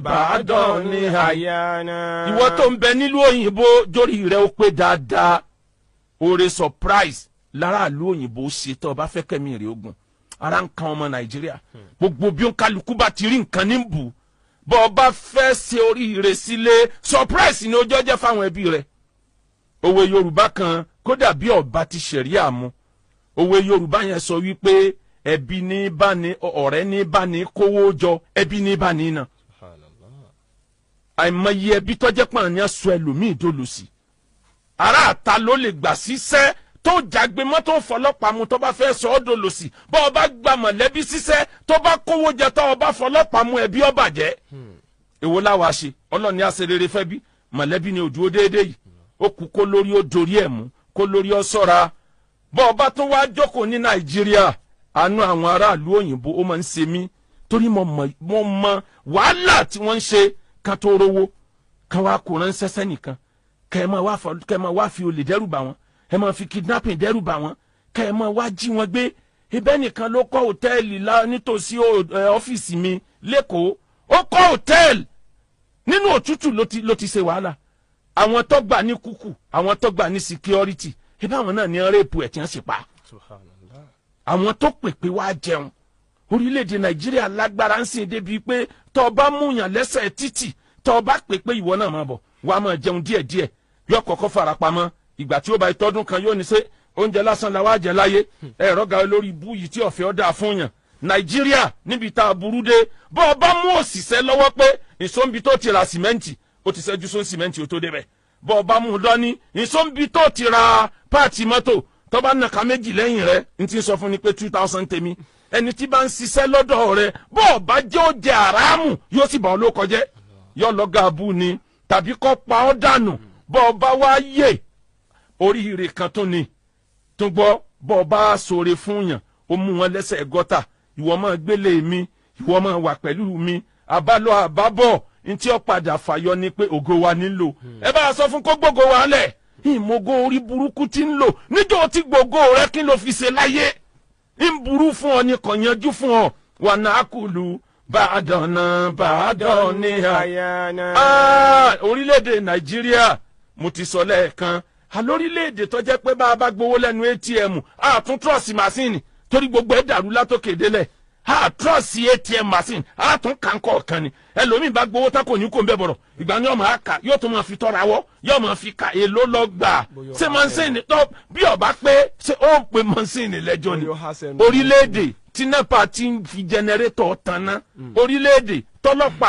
bàdàn ni àyànà. ìwọ tó ń bẹ nílùú òyìnbó jórí rẹ ó pé dáadáa oore surprise láràlú òyìnbó ṣe tó o bá fẹ́ kẹ́mi rè ogun ara nkan ọmọ nàìjíríà gbogbo bí ó ń kálukú bá ti rí nǹkan ní bù bá fẹ́ ṣe kan kódà ọba ti òwe yorùbá yẹn sọ wípé ẹbí ní bá ní jọ ẹbí ní bá ní àìmọye ẹbí tọ́jẹ́ pààyàn sọ ẹlòmíì dòlù sí ará àta ló lè gbà síṣẹ́ tó jágbe mọ́tò fọlọ́pàá mu tó bá fẹ́ sọ ọ́ dòlù sí bọ́ ọba gba mọ̀lẹ́bí síṣẹ́ tó bá kówó jẹ tó ọba fọlọ́pàá mu ẹbí ọba jẹ́ èwo láwa ṣe ọlọ́ni àṣerere fẹ́ bí mọ̀lẹ́bí ni òdúró déédéé yìí ó kú kó lórí ó dorí ẹ̀ mú kó lórí ó sọ́ra bọ́ ọba tó wá jókòó ní nàìjíríà àánú àwọn aráàlú òyìnbó ó máa ń ṣe mí torí mo mọ wàhálà tí wọ́n ń ṣe ká tó rówó ká wá kó ránṣẹ́ sẹ́nìkan kẹ́ ẹ máa wá fi olè dẹ́rù bà wọ́n ẹ máa fi kidnapping dẹ́rù bà wọ́n kẹ́ ẹ máa wá jí wọn gbé ibẹ̀ nìkan ló kọ́ hòtẹ́ẹ̀lì nítòsí ọ́fíìsì mi lẹ́kọ̀ọ́ ó kọ́ hòtẹ́ẹ̀lì nínú òtútù ló ti ṣe wàhálà àwọn tó gbà ní kúkù àwọn tó gbà ní security ibẹ̀ àwọn náà ní rẹ́ẹ̀pù ẹ̀ tí wọ́n sì pa àwọn tó pèpè wá jẹun orílẹ̀-èdè nàìjíríà lágbára ń sìn débi pé tọ́ ọ bá múyàn lẹ́sẹ̀ títì tọ́ ọ bá pè pé ìwọ náà máa bọ̀ wà á máa jẹun díẹ̀díẹ̀ yóò kọ́kọ́ farapamọ́ ìgbà tí ó bá tọ́dún kan yóò ní ṣe oúnjẹ lásán làwọn àjẹ láyé ẹ̀rọ ga olórí ibú yìí tí ọ̀fẹ́ ọ̀dà fún yàn nàìjíríà níbi tá a burú dé bọ́ ọ bá mú òṣìṣẹ́ lọ́wọ́ pé ìsọ́nbi tó ti thousand tèmi ẹni tí bá ń ṣiṣẹ́ lọ́dọ̀ rẹ bó o bá jẹ́ ó jẹ àràmù yóò sì bá ọ ló kọjẹ́ yóò lọ gàbú ni tàbí kọ́ pa ọ́ dànù bó o bá wá yè oríire kan tó ni tó gbọ́ bó o bá ṣoore fún yàn ó mú wọn lẹ́sẹ̀ gọ́tà ìwọ máa gbélé mi ìwọ máa wà pẹ̀lú mi àbálọ àbábọ̀ ntí ó padà fàyọ ni pé ògo wa nílò hmm. ẹ bá a sọ fún kó gbogbo wa lẹ̀ ìmọ̀gò orí burúkú ti ń lò níjọ́ ti gbogbo rẹ kí ló fi ṣe láyé. ń burú fún ọ ni kò yanjú fún ọ wà náà kùlù bàdànà bàdànà orílẹ̀-èdè nàìjíríà mo ti sọ lẹ́ẹ̀kan àlórílẹ̀-èdè tó jẹ́ pé bá a bá gbowó lẹ́nu atm àtúntúrọ̀sì màsíìnì torí gbogbo ẹ̀ dàrú látòkè délẹ̀ a trọ́ọ̀sì atm machine a tún kà ń kọ́ ọ̀kan ni ẹlòmíì bá gbowó tá kò ní kó ń bẹ bọ̀rọ̀ ìgbà ni ọmọ àkà yóò tún máa fi tọrọ àwọ yóò máa fi ka èlò lọ gbà ṣé mọ́nsìn tó bí ọba pé ṣé ó pe mọ́nsìn lẹ́jọ́ ni orílẹ̀-èdè tí nepa ti fi jẹnẹrétọ̀ tanná hmm. orílẹ̀-èdè tọ́lọ́pàá.